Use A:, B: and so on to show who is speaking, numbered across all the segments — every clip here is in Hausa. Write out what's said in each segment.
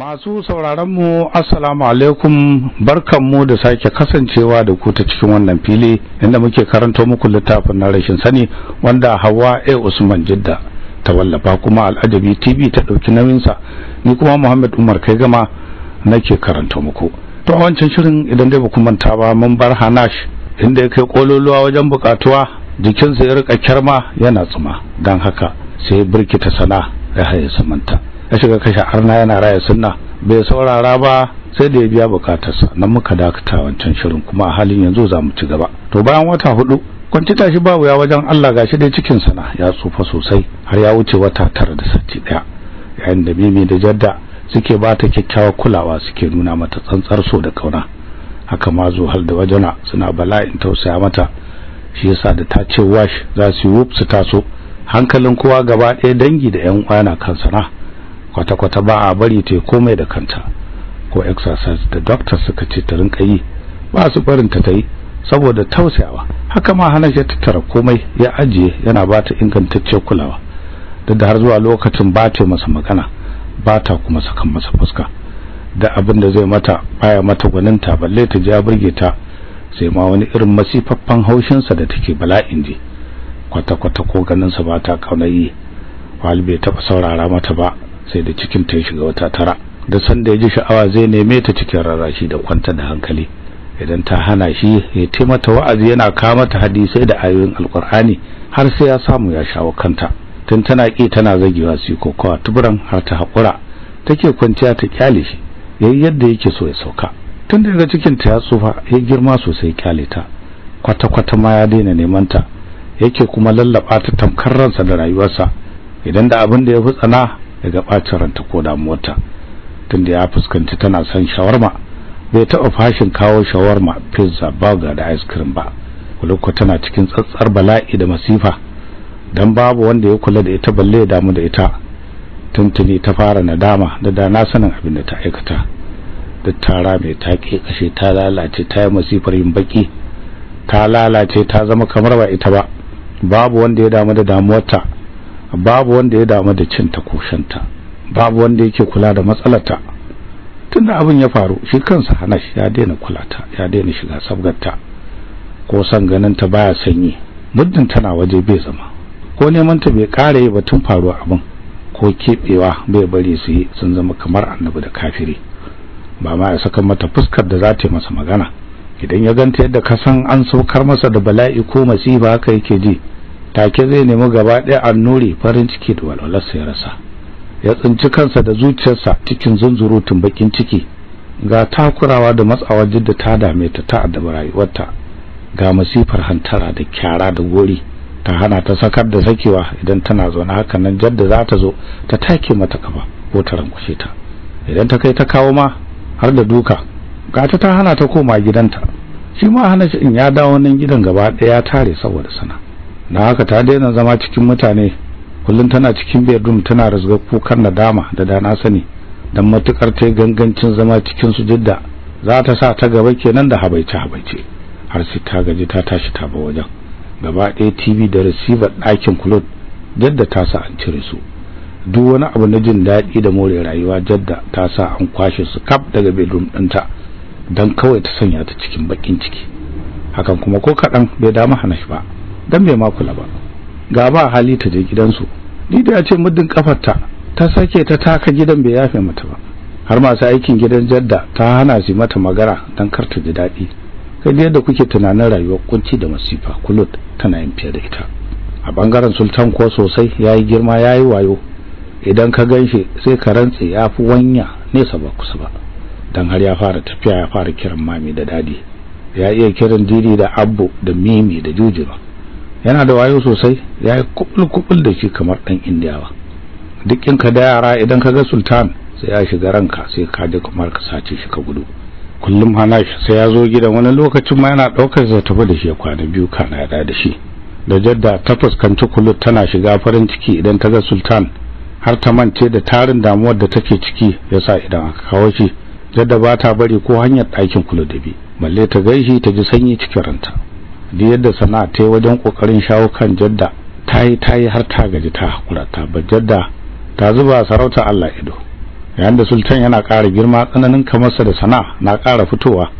A: Masu mu Assalamu alaikum barkanmu da sake kasancewa da ku ta cikin wannan fili inda muke karanto muku littafin na rashin sani wanda Hawa A Usman Jidda ta wallafa kuma Al'ajabi TV ta ɗauki nauyinsa ni kuma Muhammad Umar kai gama nake karanto muku. To a wancan shirin idan dai ba ku manta ba mun bar Hanash inda ya kai kololuwa wajen bukatuwa jikinsa ya rika kyarma yana tsuma don haka sai birkita sana ya haye samanta. ya shiga kashe arna yana raya sunna bai saurara ba sai da ya biya bukatarsa nan muka dakata wancan shirin kuma a halin yanzu za mu ci gaba to bayan wata hudu kwanci tashi babu ya wajen Allah gashi dai cikin sana ya tsufa sosai har ya wuce wata tara da sati daya yayin da Mimi da Jadda suke ba ta kyakkyawar kulawa suke nuna mata tsantsar so da kauna haka ma zo har da wajena suna bala'in tausaya mata shi yasa da ta ce wash za su yi wuf su taso hankalin kowa gaba ɗaya dangi da 'yan uwa na kan sana'a. kwata-kwata ba a bari ta komai da kanta ko exercise da doctor suka ce ta rinka yi ba su barin ta yi saboda tausayawa haka ma hana ta tattara komai ya ajiye yana ba ta ingantacciyar kulawa duk da har zuwa lokacin ba ta masa magana ba ta kuma sakan masa fuska da abin da zai mata baya mata gwaninta balle ta ja burge ta sai ma wani irin masifaffan haushinsa da take bala'in ji kwata-kwata ko ganinsa ba ta kaunayi walbe bai taɓa saurara mata ba sai da cikin ta shiga wata tara da sanda ya ji sha'awa zai neme ta cikin rarrashi da kwanta da hankali idan ta hana shi ya taimata wa'azi yana kawo mata hadisai da ayoyin alkur'ani har sai ya samu ya shawo kanta tun tana ki tana zagewa su kokowa tuburan har ta haƙura take kwanciya ta kyale shi ya yi yadda yake so ya sauka tun daga cikin ta ya tsufa ya girma sosai kyale ta kwata kwata ma ya daina neman ta yake kuma lallaba ta tamkar ransa da rayuwarsa idan da abin da ya fi tsana daga bacin ranta ko damuwarta tunda ya fuskanci tana son shawarma bai taɓa fashin kawo shawarma pizza burger da ice cream ba kulukwa tana cikin tsatsar bala'i da masifa dan babu wanda ya kula da ita balle damu da ita tuntuni ta fara nadama da da na sanin abin da ta aikata da tara mai take kashe ta lalace ta yi masifar yin baki ta lalace ta zama kamar ba ita ba babu wanda ya damu da damuwarta babu wanda ya damu da cinta ko shanta babu wanda yake kula da matsalarta tunda abin ya faru shi kansa Hanash ya daina kula ta ya daina shiga sabgarta ko san ganin ta baya sanyi muddin tana waje bai zama ko neman ta bai kare ba tun faruwa abin ko kebewa bai bari su yi sun zama kamar annabi da kafiri ba ma ya saka mata fuskar da za ta yi masa magana idan ya ganta yadda ka san an saukar masa da bala'i ko masifa haka yake ji take zai nemi gaba ɗaya annuri farin ciki da walwalarsa ya rasa ya tsinci kansa da zuciyarsa cikin tun bakin ciki ga takurawa da matsawar jidda ta dame ta ta addabar rayuwarta ga masifar hantara da kyara da gori ta hana ta sakar da sakewa idan tana zaune haka nan jadda za ta zo ta take mata kafa ko ta rankushe ta idan ta kai ta kawo ma har da duka gata ta hana ta koma gidanta shi ma hana shi in ya dawo nan gidan gaba ɗaya ya tare saboda sana da haka ta daina zama cikin mutane kullum tana cikin bedroom tana rasga kukan nadama da dana sani dan matukar ta gangancin zama cikin su jidda za ta sa ta gaba kenan da habaice habaice har sai ta gaji ta tashi ta ba wajen gaba ɗaya TV da receiver ɗakin kulot jadda ta sa an cire su duk wani abu na jin daɗi da more rayuwa jadda ta sa an kwashe su kaf daga bedroom ɗinta don kawai ta sanya ta cikin bakin ciki hakan kuma ko kaɗan bai dama hana shi ba dan bai ma kula ba ga ba hali ta je gidansu ni da ya ce muddin kafarta ta sake ta taka gidan bai yafe mata ba har masu aikin gidan jadda ta hana shi mata magara dan kar ta ji daɗi kai da yadda kuke tunanin rayuwar kunci da masifa kulut tana yin fiye da ita a bangaren sultan ko sosai yayi girma yayi wayo idan ka ganshi sai ka rantse ya fi wanya nesa ba kusa ba dan har ya fara tafiya ya fara kiran mami da dadi ya iya kiran didi da abbo da mimi da jujuba. yana da wayo sosai yayi kubul kubul da shi kamar dan indiyawa dukkan ka da yara idan ka ga sultan sai ya shiga ranka sai ka ji kamar ka sace shi ka gudu kullum hana shi sai ya zo gidan wani lokacin ma yana ɗaukar sa tafi da shi kwana biyu kana yada da shi da jadda ta fuskanci kulut tana shiga farin ciki idan ta ga sultan har ta mance da tarin damuwar da take ciki yasa idan aka kawo shi jadda ba ta bari ko hanyar ɗakin kulut da bi balle ta gaishe ta ji sanyi cikin ranta da yadda sana'a ta yi wajen kokarin shawo kan jadda ta yi ta yi har ta gaji ta hakura ta jadda ta zuba sarauta Allah ido yayin da sultan yana ƙara girma tsananin kamarsa da sana'a na ƙara fitowa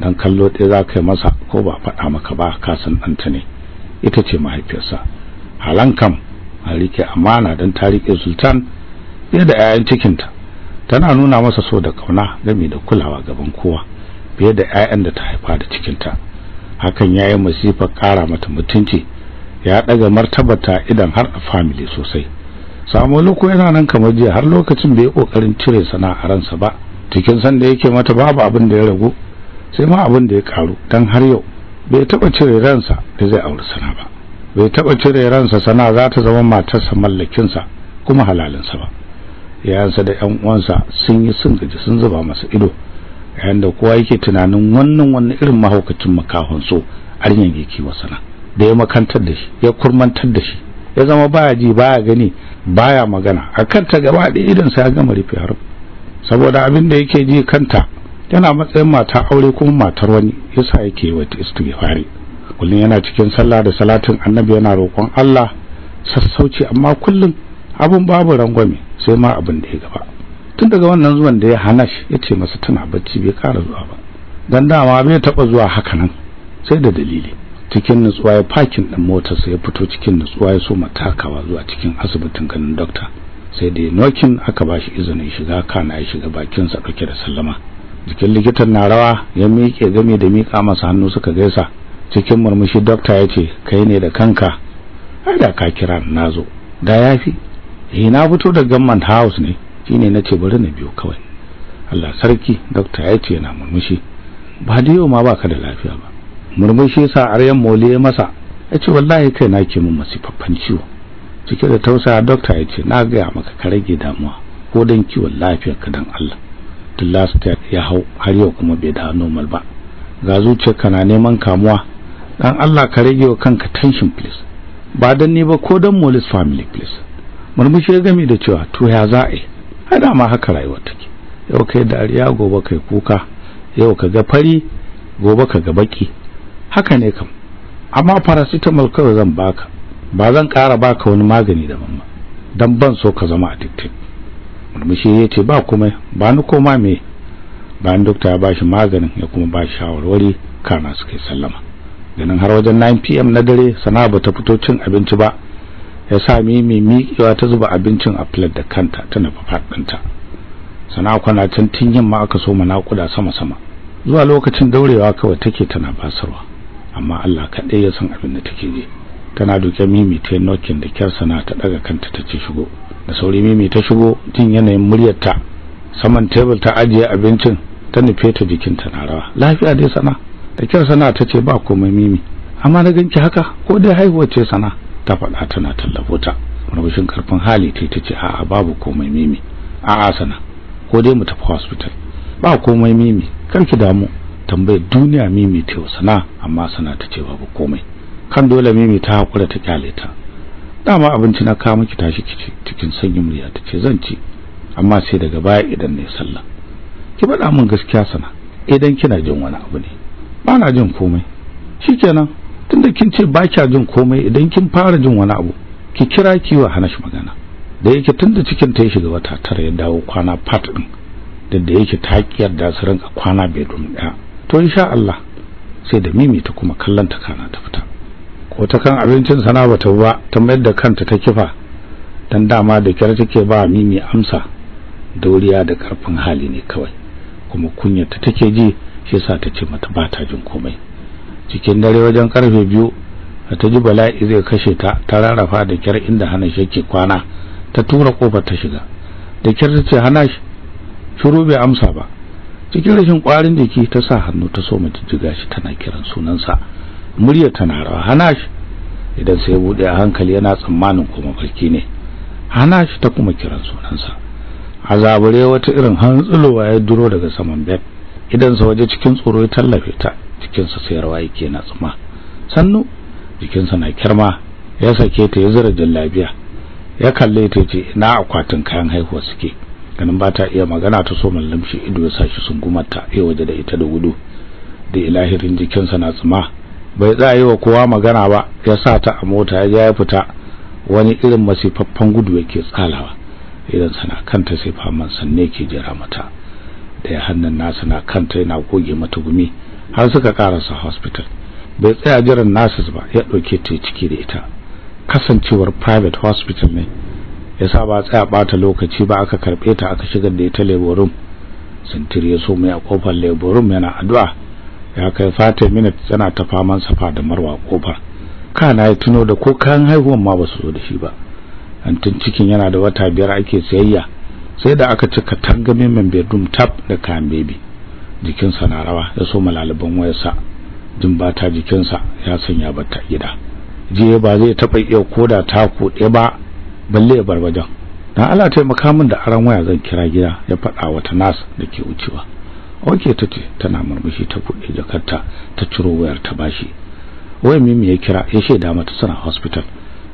A: dan kallo ɗaya za ka yi masa ko ba faɗa maka ba ka san ɗanta ne ita ce mahaifiyarsa halan kam a rike amana don ta rike sultan fiye da 'ya'yan cikinta tana nuna masa so da kauna game da kulawa gaban kowa fiye da 'ya'yan da ta haifa da cikinta hakan yayi masifa kara mata mutunci ya daga martabata idan har a family sosai samu loko yana nan kamar jiya har lokacin bai kokarin cire sana'a ransa ba cikin san da yake mata babu abin da ya ragu sai ma abin da ya karu dan har yau bai taba cire ransa da zai aure sana'a ba bai taba cire ransa sana'a za ta zama matarsa mallakinsa kuma halalinsa ba yayansa da yan uwansa sun yi sun gaji sun zuba masa ido yayin da kowa yake tunanin wannan wani irin mahaukacin makahon so arin yake wasana da ya makantar da shi ya kurmantar da shi ya zama baya ji baya gani baya magana akan ta gaba da idan sa ya gama rufe har saboda abin da yake ji kanta yana matsayin mata aure kuma matar wani yasa yake wata istighfari kullun yana cikin sallah da salatin annabi yana roƙon Allah sassauci amma kullun abun babu rangwame sai ma abin da ya gaba tun daga wannan zuwan da ya hana shi ya ce masa tana bacci bai kara zuwa ba don dama bai taɓa zuwa haka nan sai da dalili cikin nutsuwa ya fakin ɗin motarsa ya fito cikin nutsuwa ya so matakawa zuwa cikin asibitin ganin dokta sai da nokin aka ba shi izinin shiga kana ya shiga bakinsa ɗauke da sallama jikin likitan na rawa ya miƙe game da miƙa masa hannu suka gaisa cikin murmushi dokta ya ce kai ne da kanka ai da ka kira na zo da ya fi eh, na fito da gamman house ne ne na ce bari na biyo kawai Allah sarki doctor ya ce yana murmushi ba da yau ma baka da lafiya ba murmushi yasa aryan mole ya masa wallahi kai na ke mun masifaffan ciwo cike da tausaya doctor ya ce na gaya maka ka rage damuwa ko dan kiwon lafiyarka dan Allah the last ya hau har yau kuma bai da normal ba ga ka na neman kamuwa dan Allah ka rage wa kanka tension please ba dan ni ba ko dan Molis family please murmushi ya gami da cewa to ya za'a ada ma haka rayuwa take yau kai dariya gobe kai kuka yau ka ga fari gobe ka ga baki haka ne kam amma paracetamol kawai zan baka ba zan kara baka wani magani da mamma dan ban so ka zama addicted murmushi ya ce ba kuma ba ni koma me bayan doctor ya bashi maganin ya kuma bashi shawarwari kana suke sallama ganin har wajen 9 pm na dare sana'a bata fito cin abinci ba ya sa mimi miƙewa ta zuba abincin a plate da kanta ta nufi faɗinta sana kwana can tun yamma aka so mana kuda sama sama zuwa lokacin daurewa kawai take tana basarwa amma Allah kaɗai ya san abin da take je tana duke mimi ta nokin da kyar sana ta daga kanta ta ce shigo da sauri mimi ta shigo jin yanayin muryarta saman table ta ajiye abincin ta nufe ta jikin ta na rawa lafiya dai sana da kyar sana ta ce ba komai mimi amma na ganki haka ko dai haihuwa ce sana ta faɗa tana tallafo ta rubushin karfin hali ta tace a'a babu komai mimi a'a sana ko dai mu tafi hospital ba komai mimi kar ki damu tambayar duniya mimi ta sana amma sana ta ce babu komai kan dole mimi ta hakura ta kyale ta dama abinci na kawo miki tashi kici cikin sanyin murya ta ce zan ci amma sai daga baya idan ne sallah ki faɗa min gaskiya sana idan kina jin wani abu ne ba na jin komai shikenan tunda kin ce ba kya jin komai idan kin fara jin wani abu ki kira ki wa shi magana da yake tunda cikin ta ya shiga wata tara ya dawo kwana part din da da yake ta kiyar da su ranka kwana bai don ɗaya to insha Allah sai da mimi ta kuma kallon kana ta fita ko ta kan abincin sana bata ba ta mayar da kanta ta kifa dan dama da kyar take ba mimi amsa dauriya da karfin hali ne kawai kuma kunyar ta take ji shi yasa ta ce mata ba ta jin komai cikin dare wajen karfe biyu a ta ji bala'i zai kashe ta ta rarrafa da kyar inda hana shi yake kwana ta tura kofar ta shiga da kyar ta ce hana shi shiru bai amsa ba cikin rashin kwarin jiki ta sa hannu ta so mata jiga shi tana kiran sunansa murya tana rawa hana shi idan sai bude a hankali yana tsammanin kuma farki ne hana shi ta kuma kiran sunansa azabure wata irin hantsulowa ya duro daga saman bed idan sa waje cikin tsoro ya tallafe ta jikinsa sai rawa yake na tsuma sannu jikinsa na kirma ya sake ta ya zura jallabiya ya kalle ta ce ina akwatin kayan haihuwa suke ganin ba ta iya magana ta so lamshi ido ya sashi sungumarta ya waje da ita da gudu da ilahirin jikinsa na tsuma bai tsaya wa kowa magana ba ya sa ta a mota ya ja ya fita wani irin masifaffen gudu yake tsalawa idan sana kanta sai faman sanne ke jira mata da ya hannun nasa na kanta yana goge mata gumi har suka karasa hospital bai tsaya jiran nurses ba ya dauke ta ciki da ita kasancewar private hospital ne yasa ba tsaya bata lokaci ba aka karbe ta aka shigar da ita labor room sintiri ya so mai a kofar labor room yana addu'a ya kai fata minute tana ta faman safa da marwa kofar kana ya tuno da ko kan haihuwan ma su zo da shi ba antin cikin yana da wata biyar ake sayayya sai da aka cika tangamin bedroom tap da kan baby jikinsa na rawa ya so malaliban wayarsa jin bata jikinsa ya sanya bata gida jiye ba zai taba iya koda ta kuɗe ba balle ya bar wajen dan Allah taimaka min da aran waya zan kira gida ya faɗa wata nas da ke wucewa oke tace tana murmushi ta kuɗe jakarta ta ciro wayar ta bashi wai mimi ya kira ya shaida mata suna hospital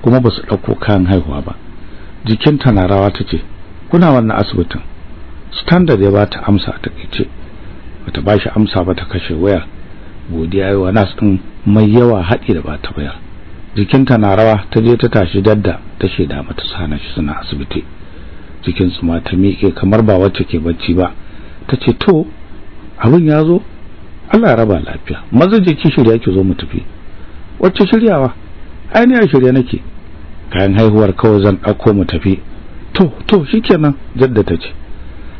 A: kuma ba su ɗauko kayan haihuwa ba jikinta na rawa tace kuna wannan asibitin standard ya bata amsa ta kace bata ba shi amsa ba ta kashe waya godiya yi wa nas ɗin mai yawa haɗi da ba ta waya jikinta na rawa ta je ta tashi dadda ta sheda mata sana shi suna asibiti jikin su ma ta miƙe kamar ba wacce ke bacci ba ta ce to abin ya zo Allah ya raba lafiya maza jiki shirya ki zo mu tafi wacce shiryawa Ainiha shirya nake kayan haihuwar kawai zan ɗauko mu tafi to to shikenan jadda ta ce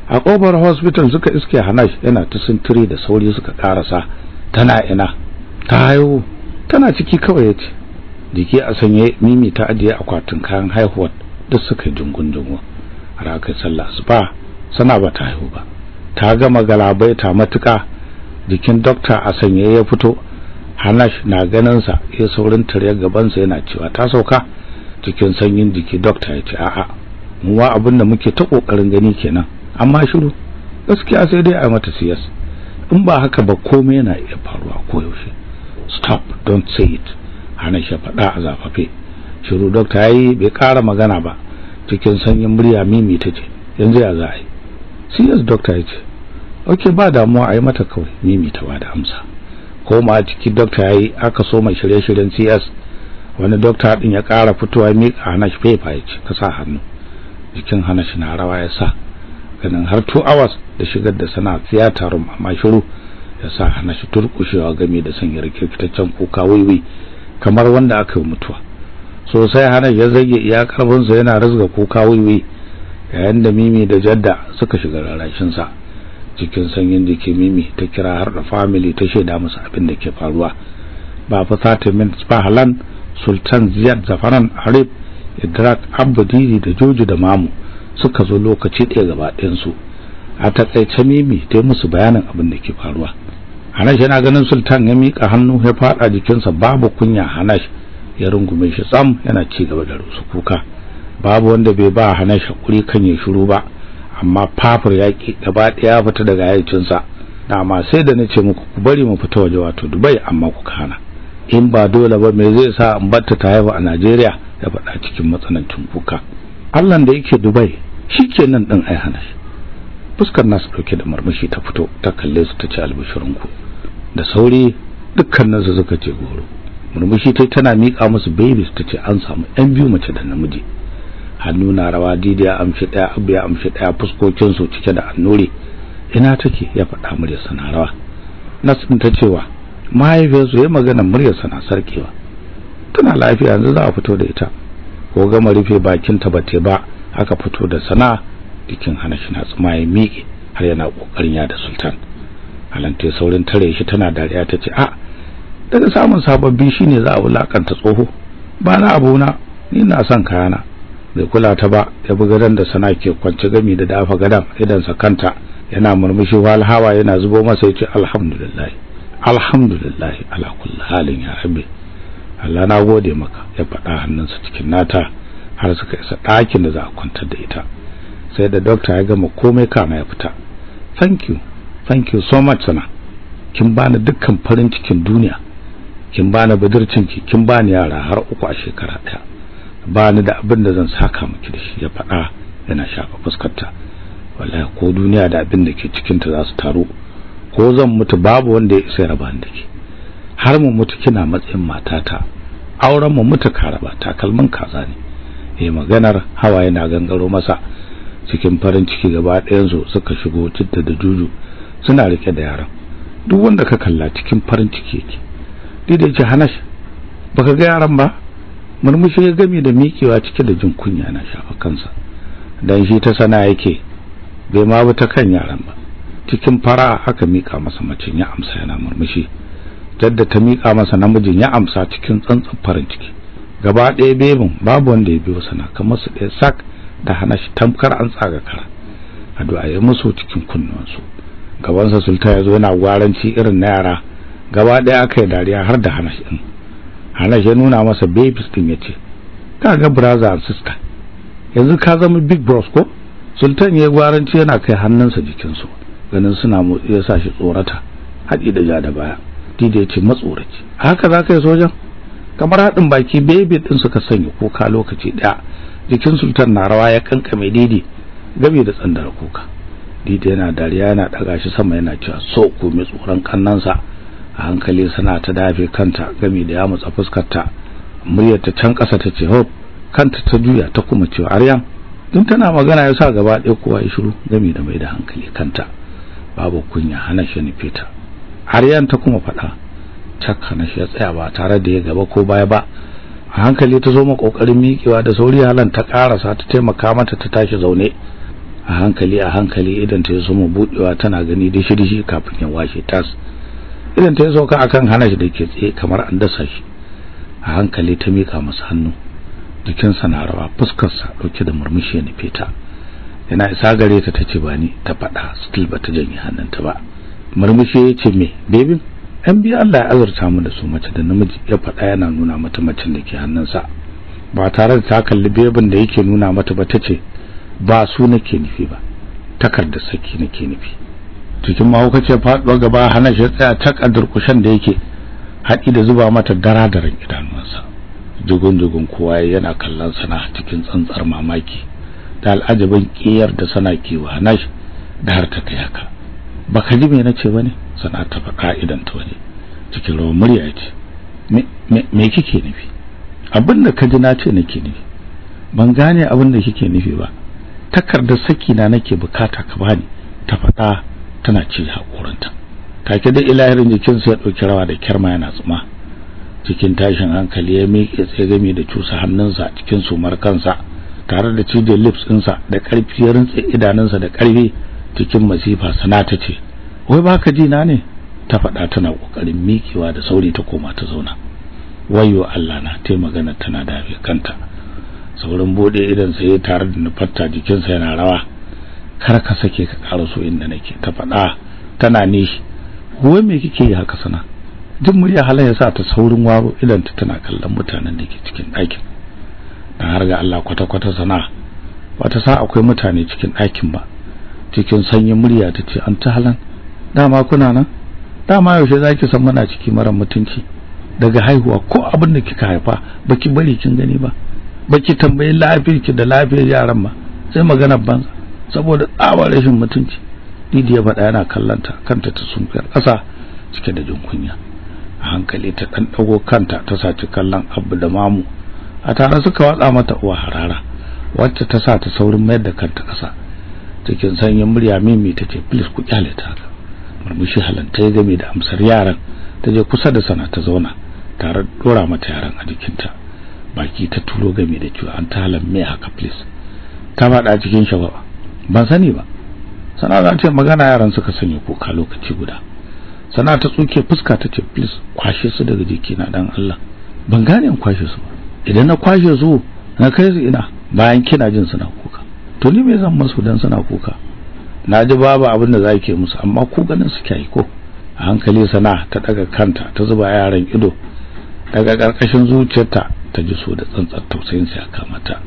A: a kofar hospital suka iske Hanash yana ta da sauri suka karasa tana ina ta haihu tana ciki kawai yace jiki a sanye mimi ta ajiye akwatin kayan haihuwar duk suka dungun dungun raka sallah suba sana ba ta haihu ba ta gama galabai ta matuka jikin doctor a sanye ya fito Hanash na ganin sa ya saurin tare gaban sa yana cewa ta sauka cikin sanyin jiki doctor ya ce a'a mu abin da muke ta kokarin gani kenan amma shiru gaskiya sai dai a mata siyas in ba haka ba komai yana iya faruwa ko yaushe. stop don't say it hana shi faɗa a zafafe shiru dokta yayi bai ƙara magana ba cikin sanyin murya mimi ta ce yanzu ya za a yi siyas dokta ya ce ok ba damuwa a yi mata kawai mimi ta ba da amsa ko ma ciki dokta yayi aka so mai shirye-shiryen siyas wani dokta din ya ƙara fitowa mika hana shi fefa ya ce ka sa hannu jikin hana shi na rawa ya sa ganin har 2 hours da shigar da sana theater taron amma shiru ya sa hana shi turkushewa game da sanya rikitaccen kuka waiwai kamar wanda aka yi mutuwa sosai hana ya zage iya karfinsa yana rizga kuka waiwai yayin da mimi da jadda suka shiga sa cikin sanyin jiki mimi ta kira har da family ta shaida musu abin da ke faruwa ba fa satimin spahalan sultan ziyad zafaran harib idrak abdidi da joji da mamu suka zo lokaci ɗaya gaba ɗayansu a takaice mimi ta musu bayanin abin da ke faruwa Hanash yana ganin Sultan ya miƙa hannu ya faɗa jikinsa babu kunya Hanash ya rungume shi tsam yana ci gaba da rusu kuka babu wanda bai ba Hanash hakuri kan ya shiru ba amma fafur yaki gaba ɗaya fita daga yayicinsa dama sai da na ce muku ku bari mu fita waje wato Dubai amma ku kana in ba dole ba me zai sa in batta ta haifa a Najeriya ya faɗa cikin matsanancin kuka Allah da yake Dubai shikenan din ai hana shi fuskar nasu dauke da murmushi ta fito ta kalle su ta ce albishirinku da sauri dukkanin su suka ce goro murmushi tai tana mika musu babies ta ce an samu ɗan biyu mace da namiji hannu na rawa didiya amshi ɗaya abu ya amshi ɗaya fuskokin su cike da annuri ina take ya faɗa murya sana rawa nasu ta cewa mahaifiyarsu ya magana muryarsa na sarkewa tana lafiya yanzu za a fito da ita ko gama rufe bakin ta bace ba aka fito da sana dikin hana shi na miƙe har yana kokarin ya da sultan halanta saurin tare shi tana dariya ta ce a ah, daga samun sababbi shine za a wulakanta tsoho ba na abuna ni na son kayana bai kula ta ba ya bi gadon da sana ke kwance gami da dafa gadon idan sa kanta yana murmushi wal hawa yana zubo masa yace alhamdulillah alhamdulillah ala kulli halin ya rabbi Allah na gode maka ya faɗa hannunsa cikin nata har suka isa ɗakin da za a kwantar da ita sai da doctor ya gama komai kama ya fita thank you thank you so much sana kin bani dukkan farin cikin duniya kin bani ki kin bani yara har uku a shekara ɗaya bani da abin da zan saka miki da shi ya faɗa yana shafa fuskarta wallahi ko duniya da abin da ke cikinta za su taru ko zan mutu babu wanda ya isa rabani da ke har mu mutu kina matsayin matata auren mu mutu karaba takalmin kaza ne eh maganar hawa yana gangaro masa cikin farin ciki gaba ɗayan su suka shigo tidda da juju suna rike da yaran duk wanda ka kalla cikin farin ciki yake dai da Hanash baka ga yaran ba murmushi ya gami da mikewa cike da jin kunya na shafa kansa dan shi ta sana yake bai ma bi ta kan yaran ba cikin fara haka mika masa macin ya amsa yana murmushi jadda ta mika masa namijin ya amsa cikin tsantsan farin ciki gaba ɗaya bebin babu wanda ya biyo sana kamar su ɗaya sak ta hana shi tamkar an tsaga kara a ya musu cikin kunnuwansu gabansa sulta ya zo yana gwaranci irin na yara gaba ɗaya aka yi dariya har da hana shi ɗin hana shi ya nuna masa babies ɗin ya ce ka ga brother and sister yanzu ka zama big bros ko sultan ya gwaranci yana kai hannunsa jikinsu ganin suna motsi ya sa shi tsorata haɗi da ja da baya Didi ya ce matsoraci haka za ka yi sojan kamar haɗin baki bebe ɗin suka sanya kuka lokaci ɗaya jikin sultan na rawa ya kankame didi gami da tsandar kuka didi yana dariya yana ɗaga shi sama yana cewa so ku mai tsoron kannansa a hankali suna ta dafe kanta gami da ya mutsa fuskarta muryar ta can ƙasa ta ce hop kanta ta juya ta kuma cewa aryan tun tana magana ya sa gaba ɗaya kowa ya shiru gami da mai da hankali kanta babu kunya hana shi ni ta har ta kuma faɗa takka na shi ya tsaya ba tare da ya gaba ko baya ba a hankali ta zo ma kokarin mikewa da sauri halan ta karasa ta taimaka mata ta tashi zaune a hankali a hankali idan ta zo mu budewa tana gani da shirshi kafin ya washe tas idan ta sauka akan hana shi dake tsaye kamar an dasa shi a hankali ta mika masa hannu dukin sa na rawa fuskar sa dauke da murmushi ne feta yana isa gare ta tace bani ta fada still ta janye hannunta ba murmushi ya ce me bebin an biya Allah ya azurta mu da su mace da namiji ya faɗa yana nuna mata macin da ke hannunsa ba tare da ta kalli bebin da yake nuna mata ba tace ba su nake nufi ba takarda saki nake nufi cikin mahaukaciyar faɗuwa gaba hana shi tsaya tak a durkushen da yake haɗi da zuba mata daradaran idanuwansa jugun-jugun kowa yana kallon sana cikin tsantsar mamaki da al'ajabin kiyar da sana kewa na da har ta kai haka ba kalime ji me na ce bane sana ta faɗa idan ta wani. cikin rawar murya ce me kike nufi abinda da ka ji na ce nake nufi ban gane abin da kike nufi ba takardar saki na nake bukata ka bani ta faɗa tana cire hakoranta take da ilahirin jikin ya ɗauki rawa da kyarma yana tsuma cikin tashin hankali ya miƙe tsegami da cusa hannunsa cikin sumar kansa tare da cije lips ɗinsa da ƙarfi ya rintse idanunsa da ƙarfi cikin masifa sana ta ce wai baka ji na ne ta faɗa tana ƙoƙarin mikewa da sauri ta koma ta zauna wayo Allah na tai magana tana dafe kanta saurin bude idan sai tare da nufarta jikinsa yana rawa kar ka sake ka ƙara so inda nake ta faɗa tana nishi wai me kike yi haka sana jin murya halayya sa ta saurin waro idan ta tana kallon mutanen da ke cikin ɗakin dan har ga Allah kwata-kwata sana wata sa akwai mutane cikin ɗakin ba cikin sanyin murya ta ce an ta halan dama kuna nan dama yaushe zaki san muna ciki mara mutunci daga haihuwa ko abin da kika haifa baki bari kin gani ba baki tambayi lafiyarki da lafiyar yaran ma sai magana banza saboda tsabar rashin mutunci ya faɗa yana kallanta kanta ta sunkar ƙasa cike da jinkunya. a hankali ta dan dago kanta ta saci kallon Abu da Mamu a tare suka watsa mata uwa harara wacce ta sa ta saurin mayar da kanta kasa cikin sanyin murya mimi take please ku kyale ta haka murmushi ya game da amsar yaran ta je kusa da sana ta zauna tare dora mata yaran a jikinta baki ta turo game da cewa an talan me haka please ta fada cikin shagwaba ban sani ba sana za ta magana yaran suka sanya kuka lokaci guda sana ta tsuke fuska ta ce please kwashe su daga na dan Allah ban gane in kwashe su ba idan na kwashe su na kai su ina bayan kina jin suna kuka to ni me zan musu dan suna kuka na ji babu abin da zake musu amma ku ganin su kai ko a hankali sana ta daga kanta ta zuba yaran ido daga karkashin zuciyarta ta ji so da tsantsar tausayin sai aka mata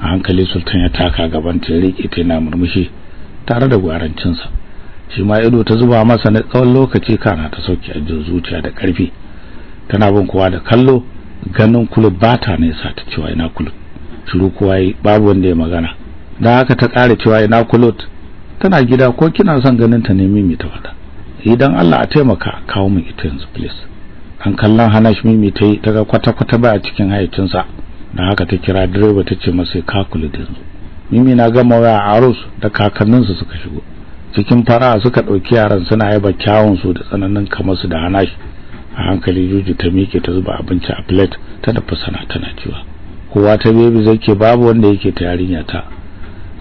A: hankali sultan ya taka gaban ta rike ta na murmushi tare da gwarancin sa shi ma ido ta zuba masa na tsawon lokaci kana ta sauke a jin zuciya da karfi tana bin kowa da kallo ganin kulub bata ne sa ta cewa ina kulub shiru kowa babu wanda ya magana da haka ta kara cewa ina kulot tana gida ko kina son ganin ta ne mimi ta fada idan Allah a taimaka kawo mu ita yanzu please an kallon Hanash mimi ta yi daga kwata-kwata ba a cikin sa da haka ta kira direba ta ce masa ka kula da yanzu mimi na gama waya arus da su suka shigo cikin fara suka dauki yaran suna yaba kyawun su da tsananin kamar su da Hanash a hankali juju ta miƙe ta zuba abinci a plate ta dafa sana tana cewa kowa ta bebi zake babu wanda yake ta yarinya ta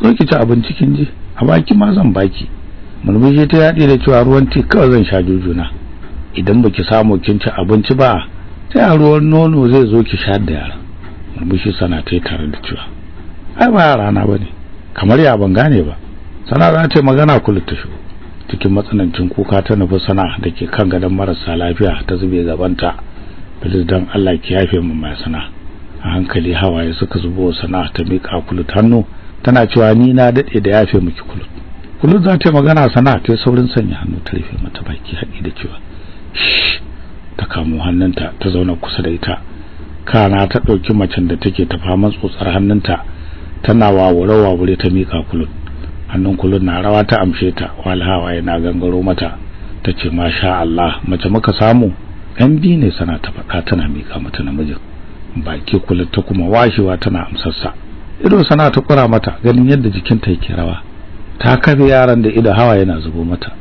A: zo ki ci abinci kin ji a baki ma zan baki murmushi ta yadi da cewa ruwan ti kawai zan sha jujuna idan baki samu kin ci abinci ba sai ruwan nono zai zo ki sha da yara murmushi sana ta tare da cewa ai ba rana bane kamar ya ban gane ba sana za ta magana kullu ta shigo cikin matsanancin kuka ta nufi sana da ke kan gadon marasa lafiya ta zube ta. bilis dan Allah ki yafe mu mai sana a hankali hawaye suka zubo sana ta miƙa kulut hannu tana cewa ni na dade da yafe miki kulut kulut za ta magana sana ta saurin sanya hannu ta rufe mata baki haɗi da cewa ta kamo hannunta ta zauna kusa da ita kana ta ɗauki macen da take ta faman tsotsar hannunta tana wawure wawure ta mika kulut hannun kulut na rawa ta amshe ta walhawa yana gangaro mata ta ce masha Allah mace muka samu yan biyu ne sana ta faɗa tana mika mata namijin baki kulut ta kuma washewa tana amsarsa ido sana ta kura mata ganin yadda jikinta yake rawa ta kafe yaran da ido hawa yana zubo mata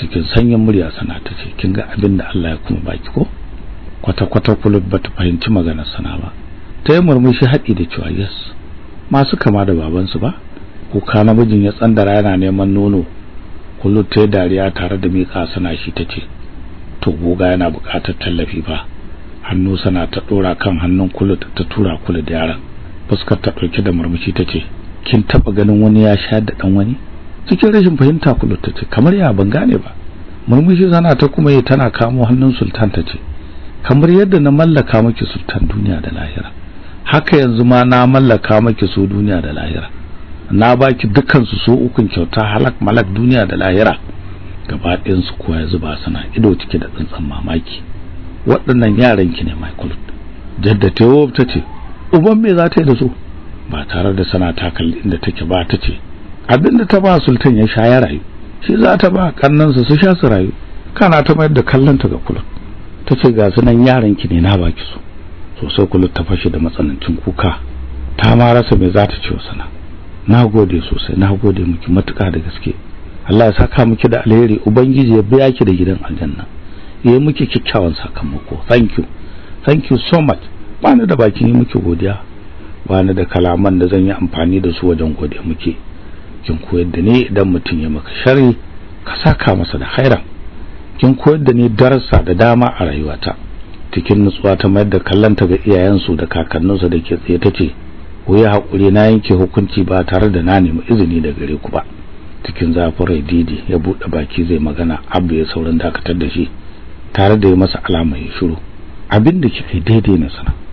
A: cikin sanyin murya sana ta ce kin ga abin da Allah ya kuma baki ko kwata kwata kulub bata fahimci maganar sana ba ta yi murmushi haɗi da cewa yes masu kama da babansu ba kuka namijin ya tsandara yana neman nono kulub ta yi dariya tare da miƙa sana shi ta ce to goga yana buƙatar tallafi ba hannu sana ta ɗora kan hannun kulub ta tura kulub yaran fuskar ta dauke da murmushi tace kin taba ganin wani ya sha da dan wani cikin rashin fahimta kulut tace kamar ya ban gane ba murmushi zana ta kuma yi tana kamo hannun sultan tace kamar yadda na mallaka miki sultan duniya da lahira haka yanzu ma na mallaka miki su duniya da lahira na baki dukkan su so ukun kyauta halak malak duniya da lahira gaba ɗayan su kuwa ya zuba suna ido cike da tsantsan mamaki waɗannan yaran ki ne Michael jadda ta ce uban me za ta yi da su ba tare da sana takalli inda take ba ta ce abinda ta ba sultan ya sha ya rayu shi za ta ba kannansa su sha su rayu kana ta mayar da kallon ta ga kulut ta ce ga sunan yaran ki ne na baki su sosai kulut ta fashe da matsanancin kuka ta ma rasa me za ta ce wa sana na gode sosai na gode miki matuƙa da gaske Allah ya saka miki da alheri ubangiji ya biya ki da gidan aljanna yayi miki kikkiawan sakamako thank you thank you so much ba da baki yi godiya ba da kalaman da zan yi amfani da su wajen gode muke kin koyar da ni idan mutum ya maka sharri ka saka masa da khairan kin koyar da ni darasa da dama a rayuwata cikin nutsuwa ta mayar da kallanta ga iyayensu da kakanninsu da ke tsaye tace ko ya hakuri na yanke hukunci ba tare da na nemi izini da gare ku ba cikin zafin rai didi ya buɗe baki zai magana abu ya saurin dakatar da shi tare da ya masa alamar shiru abin da kike daidai na sana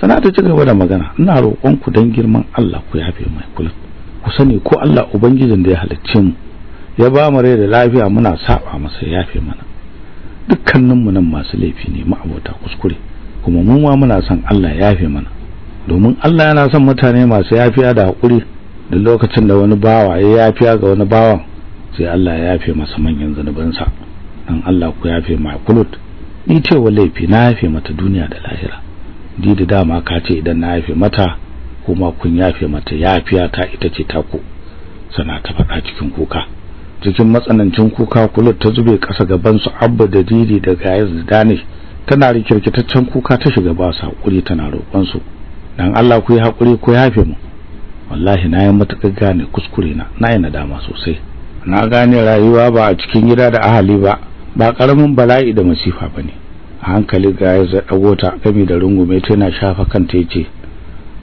A: sana ta ci da magana ina roƙon ku dan girman Allah ku yafe mai kula ku sani ko Allah ubangijin da ya halicce mu ya ba mu rai da lafiya muna saba masa yafe mana dukkanin mu nan masu laifi ne mu abota kuskure kuma mun wa muna son Allah yafe mana domin Allah yana son mutane masu yafiya da hakuri da lokacin da wani bawa ya yafiya ga wani bawan sai Allah ya yafe masa manyan zanubansa dan Allah ku yafe mai kulut ni ce laifi na yafe mata duniya da lahira didi dama ka ce idan na haife mata kuma kun yafe mata yafiya ta ita ce taku sana ta faɗa cikin kuka cikin matsanancin kuka kulut ta zube ƙasa gaban su abba da didi da gayas da dane tana rikirkitaccen kuka ta shiga ba su haƙuri tana roƙon su dan Allah ku yi haƙuri ku yafe mu wallahi na yi matuƙar gane kuskure na na yi nadama sosai na gane rayuwa ba a cikin gida da ahali ba ba karamin bala'i da masifa ba ne a hankali ga ya dago ta gami da rungume ta yana shafa kanta yace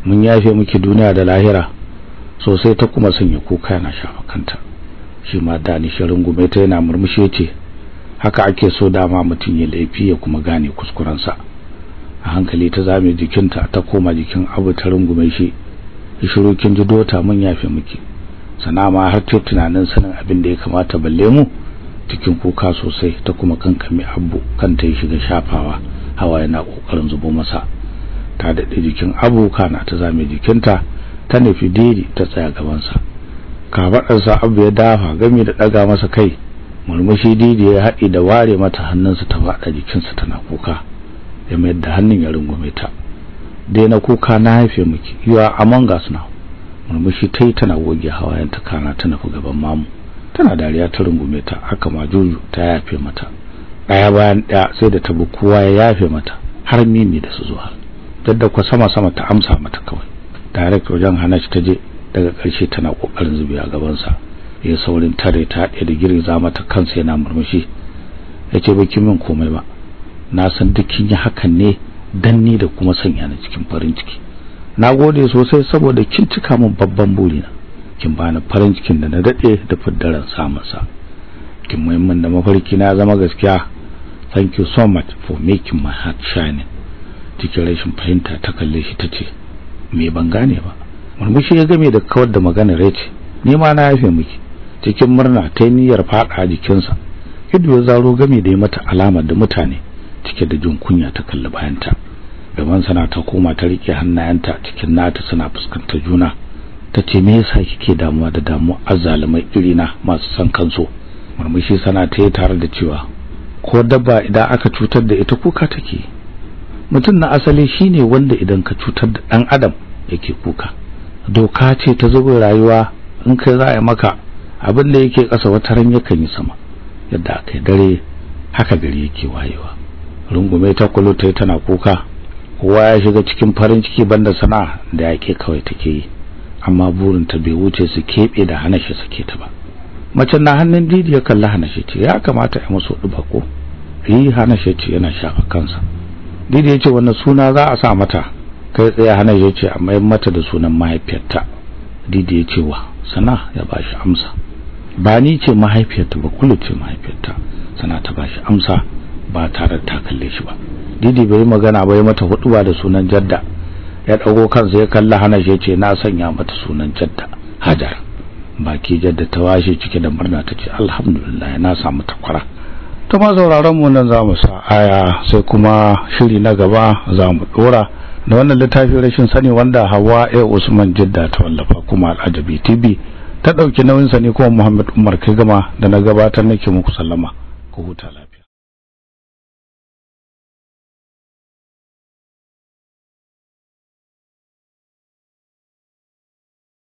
A: mun yafe miki duniya da lahira sosai ta kuma sanya kuka yana shafa kanta shi ma da shi rungume ta yana murmushi yace haka ake so dama mutum ya laifi ya kuma gane kuskurensa a hankali ta zame jikinta ta koma jikin Abu ta rungume shi shiru kin ji dota mun yafe miki sana ma har ce tunanin sanin abin da ya kamata balle mu cikin kuka sosai ta kuma kankame abu kan ta yi shiga shafawa hawa yana kokarin zubo masa ta dade jikin abu kana ta zame jikinta ta nufi diri ta tsaya gabansa sa abu ya dafa gami da daga masa kai murmushi didi ya haɗe da ware mata hannunsa ta faɗa jikinsa tana kuka ya mayar da hannun ya rungume ta daina kuka na haife miki you are among us now murmushi tai tana goge hawayenta kana ta nufi gaban mamu tana dariya ta rungume ta haka ma juju ta yafe mata daya bayan daya sai da tabu kowa ya yafe mata har mimi da su zuwa dadda ko sama sama ta amsa mata kawai direct wajen shi ta je daga karshe tana kokarin zubi a gaban sa ya saurin tare ta haɗe da girgiza mata kansa yana murmushi yace baki min komai ba na san dukin ya hakan ne dan ni da kuma sanya ni cikin farin ciki nagode sosai saboda kin cika min babban burina kin bani farin cikin da na dade da fuddaran samun sa kin muhimmin da mafarki na zama gaskiya thank you so much for making my heart shine cikin rashin fahimta ta kalle shi ce me ban gane ba murmushi ya game da kawar da magana rece ni ma na yafe miki cikin murna ta niyyar fada jikinsa ido ya zaro game da mata alamar da mutane cike da jin kunya ta kalli bayanta gaban sana ta koma ta rike hannayenta cikin nata suna fuskantar juna ce me yasa kike damuwa da damuwa azzalumai irina masu san kansu murmushi sana ta tare da cewa ko dabba idan aka cutar da ita kuka take mutum na asali shine wanda idan ka cutar da dan adam yake kuka doka ce ta zubin rayuwa in kai za a yi maka abin da yake ƙasa wata ran yakan yi sama yadda aka dare haka gari yake wayewa rungume ta yi tana kuka kowa ya shiga cikin farin ciki banda sana'a da yake kawai take yi amma burinta bai wuce su keɓe da hana shi sake ta ba mace na hannun didi ya kalli hana shi ce ya kamata ya musu duba ko yi hana shi ce yana shafa kansa didi ya ce wannan suna za a sa mata kai tsaye hana shi ce amma yin mata da sunan mahaifiyarta didi ya ce wa sana ya ba shi amsa ba ni ce mahaifiyarta ba kulu ce mahaifiyarta sana ta ba shi amsa ba tare da ta kalle shi ba didi bai magana ba ya mata huɗuwa da sunan jadda ya dago kansa ya kalla shi ya ce na sanya mata sunan jadda hajar baki jadda ta washe cike da murna ta ce alhamdulillah na samu takwara to ma sauraron mu nan zamu sa aya sai kuma shiri na gaba zamu dora da wannan littafin rashin sani wanda Hawa A Usman Jidda ta wallafa kuma al Al'ajabi TV ta dauki nauyin sani kuma Muhammad Umar Kigama da na gabatar nake muku sallama ku huta